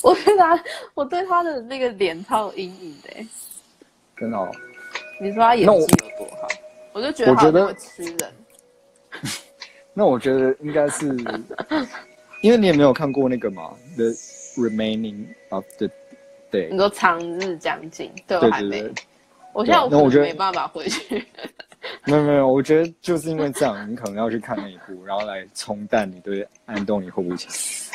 S2: 我對他，我對他的那個臉超有陰影的，欸，
S1: 真的。
S2: 你說他演技有多好，我,我就覺得我覺得，
S1: 那我覺得應該是，因為你也沒有看過那個嘛， 《The Remaining of the Day》。你
S2: 都長日將近，對對,對對
S1: 對。
S2: 我現在我是沒辦法回
S1: 去。 沒有沒有，我覺得就是因為這樣， 你可能要去看那一部，然後來沖淡你對安東尼霍普金斯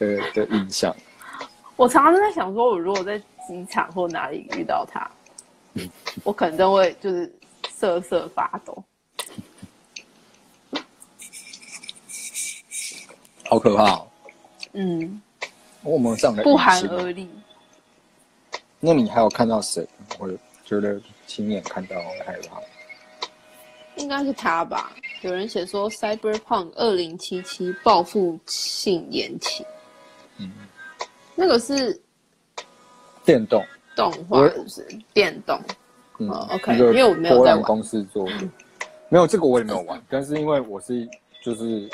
S1: 的的印象。
S2: 我常常在想，說我如果在機場或哪裡遇到他。 我可能真會就是瑟瑟發抖，
S1: 好可怕哦。嗯，我們這樣不寒而慄。那你還有看到誰？我覺得親眼看到我害怕，
S2: 應該是他吧？有人寫說《Cyberpunk 二零七七》報復性延期。嗯，那個是電動。動或者、就是電動，嗯，嗯，OK，因為我沒有在玩。公司
S1: 做，沒有這個我也沒有玩。但是因為我是就是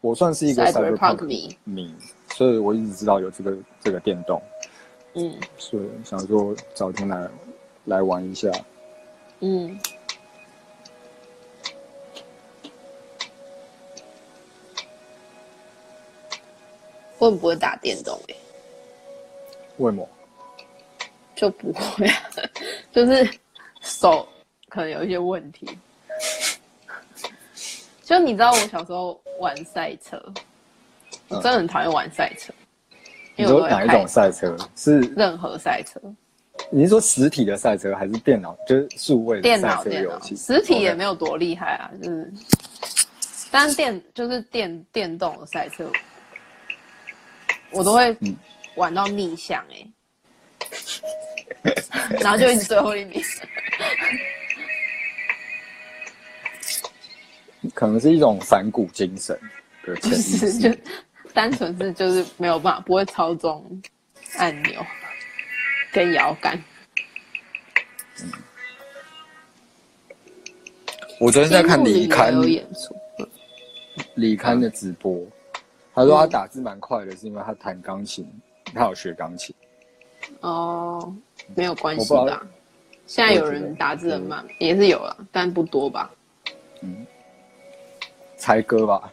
S1: 我算是一個小的名迷，所以我一直知道有這個這個電動。嗯，所以想說找天來來玩一下。嗯。
S2: 會不會打電動誒、欸。為什麼？就不會、啊，就是手可能有一些問題。就你知道我小時候玩賽車、嗯，我真的很討厭玩賽車，因為我哪一種
S1: 賽車是
S2: 任何賽車？
S1: 你是說實體的賽車還是電腦就是數位的的賽車遊戲？實
S2: 體也沒有多厲害啊，就是，但是電就是電電動的賽車，我都會玩到逆向誒、欸。 然後就一直最後一名
S1: 可能是一種反骨精神，不是就
S2: 單純是就是沒有辦法 不會操縱按鈕跟搖桿。
S1: 我昨天在看李刊的演出、啊、嗯，李刊的直播，他說他打字蠻快的，是因為他彈鋼琴、嗯，他有學鋼琴。
S2: 哦，沒有關係的。現在有人打字很慢，也是有了、嗯，但不多吧。嗯，
S1: 才哥吧。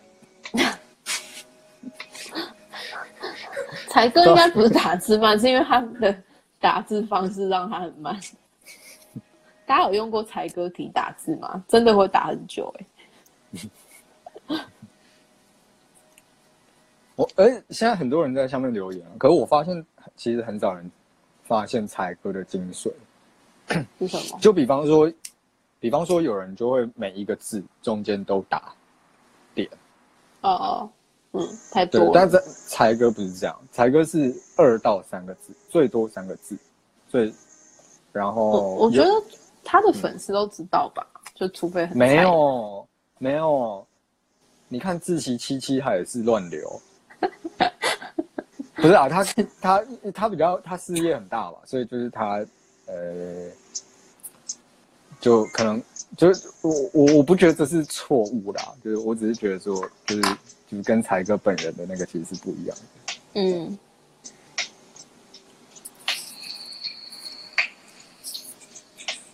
S2: 才哥應該不是打字慢， 是因為他的打字方式讓他很慢。大家有用過才哥提打字嗎？真的會打很久哎、欸。
S1: 我哎、欸，現在很多人在下面留言，可是我發現其實很少人。發現才哥的精髓 是什
S2: 麼？就比方說，比方說有人
S1: 就會每一個字中間都打點。哦
S2: 哦，嗯，太多。對，但是才，
S1: 才哥不是這樣，才哥是二到三個字，最多三個字。所以，然後我，我覺得
S2: 他的粉絲都知道吧，嗯、就除非沒有
S1: 沒有。你看志祺七七，他也是亂流。不是啊，他他他、他比較他事業很大吧，所以就是他，呃，就可能就是我我我不覺得這是錯誤的啊，就是我只是覺得說就是就跟才哥本人的那個其實是不一樣的，嗯，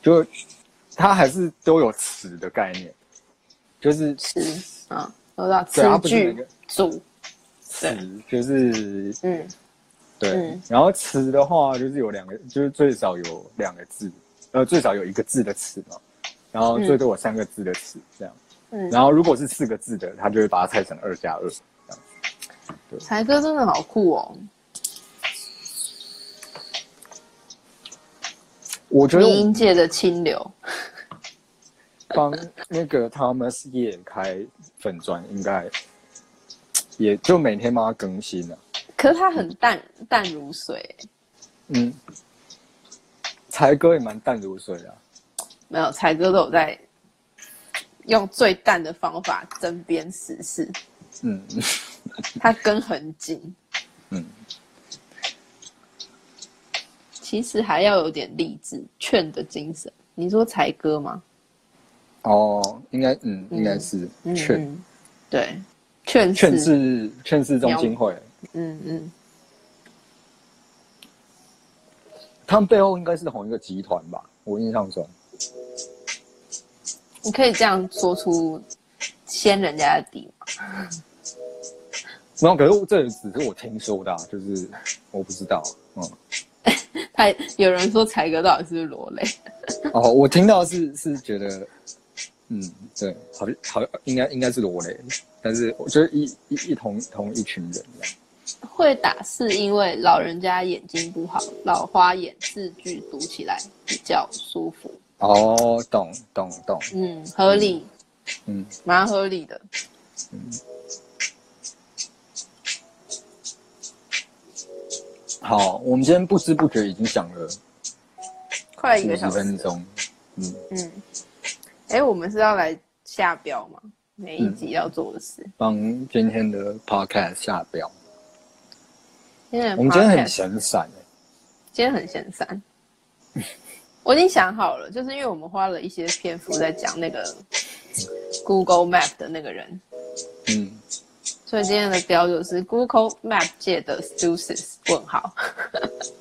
S1: 就他還是都有詞的概念，就是
S2: 詞啊，說到詞句組。
S1: 詞就是，嗯，對，嗯、然後詞的話就是有兩個，就是最少有兩個字，呃，最少有一個字的詞嘛，然後最多有三個字的詞這樣，嗯，然後如果是四個字的，他就會把它拆成二加二，
S2: 對，才哥真的好酷哦！
S1: 我覺得我。音
S2: 界的清流。
S1: 幫那個 Thomas Yeh 開粉專應該。也就每天幫他更新了、
S2: 啊，可是他很淡、嗯、淡如水、欸。嗯，
S1: 才哥也蠻淡如水的啊。
S2: 沒有，才哥都有在用最淡的方法針砭時事。嗯， 他跟很緊、嗯。其實還要有點勵志勸的精神。你說才哥嗎？
S1: 哦，應該，嗯，嗯應該是、嗯、勸、嗯嗯，
S2: 對。勸世勸世中心
S1: 會，嗯嗯，他們背後應該是同一個集團吧，我印象中。
S2: 你可以這樣說出掀人家的底嗎？
S1: 沒有，可是這只是我聽說的、啊，就是我不知道，嗯。
S2: 他有人說才哥到底是不是羅雷
S1: 哦，我聽到是是覺得。嗯，對，好像好應該應該是羅雷，但是我覺得一一,一同同一群人這樣
S2: 會打是因為老人家眼睛不好，老花眼，字句讀起來比較舒服。
S1: 哦，懂懂懂，嗯，合理，嗯，
S2: 蠻、嗯、合理的。
S1: 嗯。好，我們今天不知不覺已經講了
S2: 快一個小時分，嗯嗯。哎、欸，我們是要來下標嗎？每一集要做的事，
S1: 幫、嗯、今天的 podcast 下標。
S2: 今天，我們今天很
S1: 閒散、欸、今
S2: 天很閒散。 我已經想好了，就是因為我們花了一些篇幅在講那個 Google Map 的那個人，嗯，所以今天的標就是 Google Map 界的 Stuces？問號。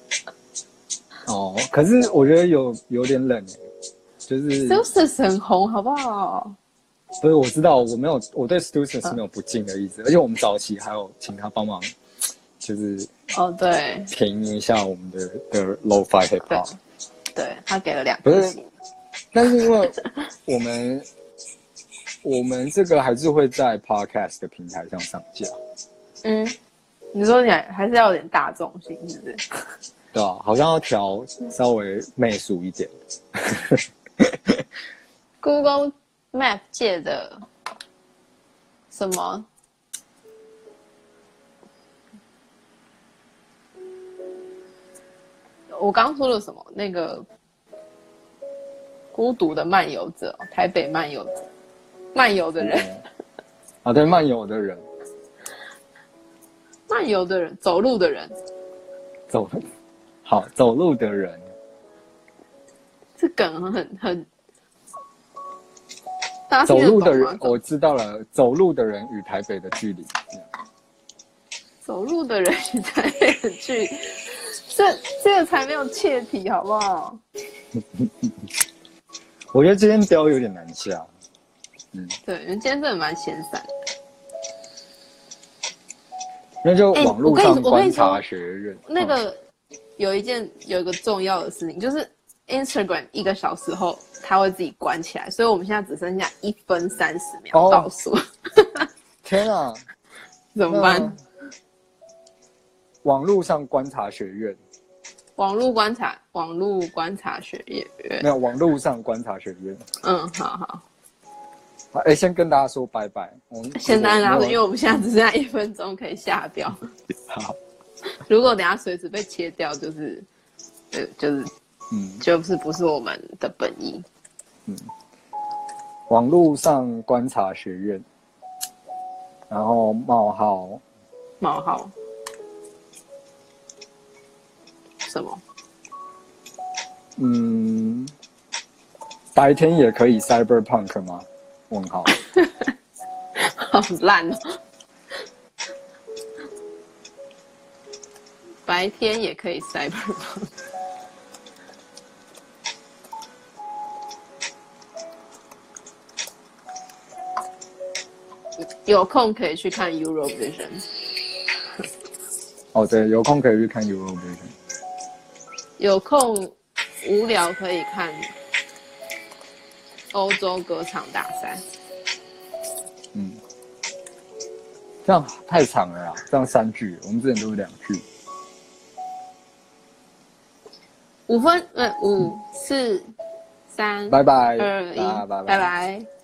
S1: 哦，可是我覺得有有點冷、欸。就是
S2: StuStus 很紅，好不好？
S1: 所以我知道，我沒有，我對 StuStus 是沒有不敬的意思、啊。而且我們早期還有請他幫忙，就是
S2: 哦，對，
S1: 評一下我們的的 Lo-Fi HipHop 對。對，他給了兩
S2: 個字。不是，但是因為
S1: 我們 我們這個還是會在 Podcast 的平台上上架。嗯，你說你還還
S2: 是要有
S1: 點大眾性，是不是？對啊，好像要調稍微媚俗一點。
S2: Google Map 界的什麼？我剛說了什麼？那個孤獨的漫遊者，台北漫遊漫遊的人、
S1: 嗯、啊，對，漫遊的人，
S2: 漫遊的人，走路的人，
S1: 走，好，走路的人。
S2: 這梗很很，很大家，走路的人我
S1: 知道了。走路的人與台北的距離，走路的人與台北的
S2: 距、嗯的北的距 這、這這個才沒有切題，好不好？
S1: 我覺得今天標有點難下、啊，嗯，
S2: 對，因為今天真的蠻閒散，
S1: 那就網路上觀察學院、欸，我跟你說，我跟你說，嗯、
S2: 那個有一件有一個重要的事情就是。Instagram 一個小時後它會自己關起來，所以我們現在只剩下一分三十秒，oh, 倒數。
S1: 天啊！怎麼辦？網路上觀察學院。網路觀
S2: 察，網路觀察學業院。
S1: 沒有，網路上觀察學院。嗯，
S2: 好
S1: 好。哎，欸，先跟大家說拜
S2: 拜。我我先跟大家說，因為我們現在只剩下一分鐘可以下掉。 好， 如果等一下隨時被切掉，就是，就是，呃，就是。嗯，就是不是我們的本意。嗯，
S1: 網路上觀察學院，然後冒號，
S2: 冒號，
S1: 什麼？嗯，白天也可以 cyberpunk 嗎？問號，
S2: 好爛哦！ 白天也可以 cyberpunk。有空可以去看 Eurovision。
S1: 哦，對，有空可以去看 Eurovision。
S2: 有空無聊可以看歐洲歌唱大賽。嗯，
S1: 這樣太長了啦！這樣三句，我們之前都是兩句。
S2: 五分，呃，五四三，嗯、bye bye, bye bye bye. 拜拜，二一，拜拜。